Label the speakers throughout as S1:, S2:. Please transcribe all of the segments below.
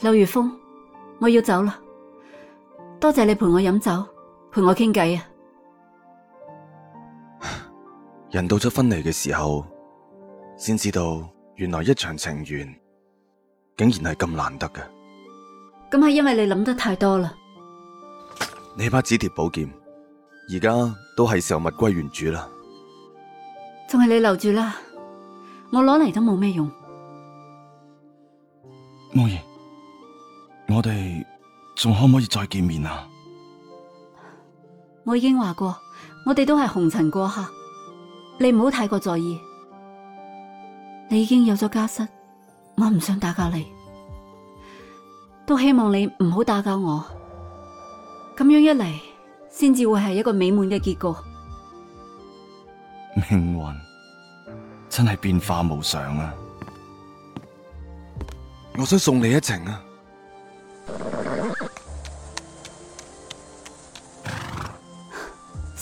S1: 柳如風，我要走啦，多謝你陪我飲酒，陪我傾偈啊！人到咗分離嘅時候，先知道原來一場情緣，竟然係咁難得嘅。咁係因為你諗得太多啦。你把紫鐵寶劍，而家都係時候物歸原主啦。仲係你留住啦，我攞嚟都冇咩用。冇嘢。我哋仲可唔可以再見面啊？我已經話過，我哋都係紅塵過客，你唔好太過在意。你已經有咗家室，我唔想打攪你，都希望你唔好打攪我。咁樣一嚟，先至會係一個美滿嘅結果。命運真係變化無常啊！我想送你一程啊！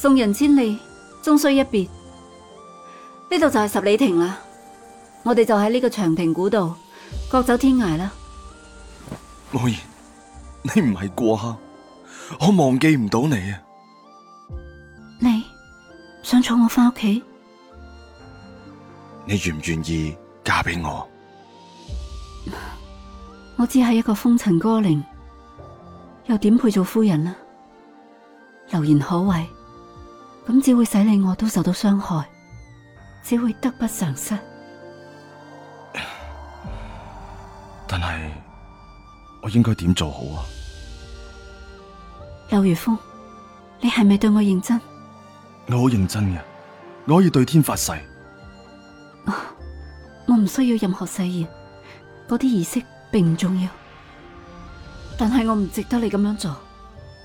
S1: 送人千里，終須一別。呢度就係十里亭啦，我哋就喺呢個長亭古道，各走天涯啦。慕妍，你唔係過客，我忘記唔到你啊！你想坐我翻屋企？你願唔願意嫁俾我？我只係一個風塵歌伶，又點配做夫人呢？流言可畏。咁只會使你我都受到傷害，只會得不償失。但係我應該點做好啊？劉如風，你係咪對我認真？我好認真嘅，我可以對天發誓。啊，我唔需要任何誓言，嗰啲儀式並唔重要。但係我唔值得你咁樣做，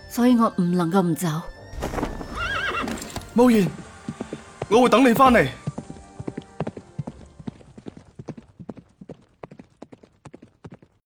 S1: 所以我唔能夠唔走。慕妍，我會等你翻嚟。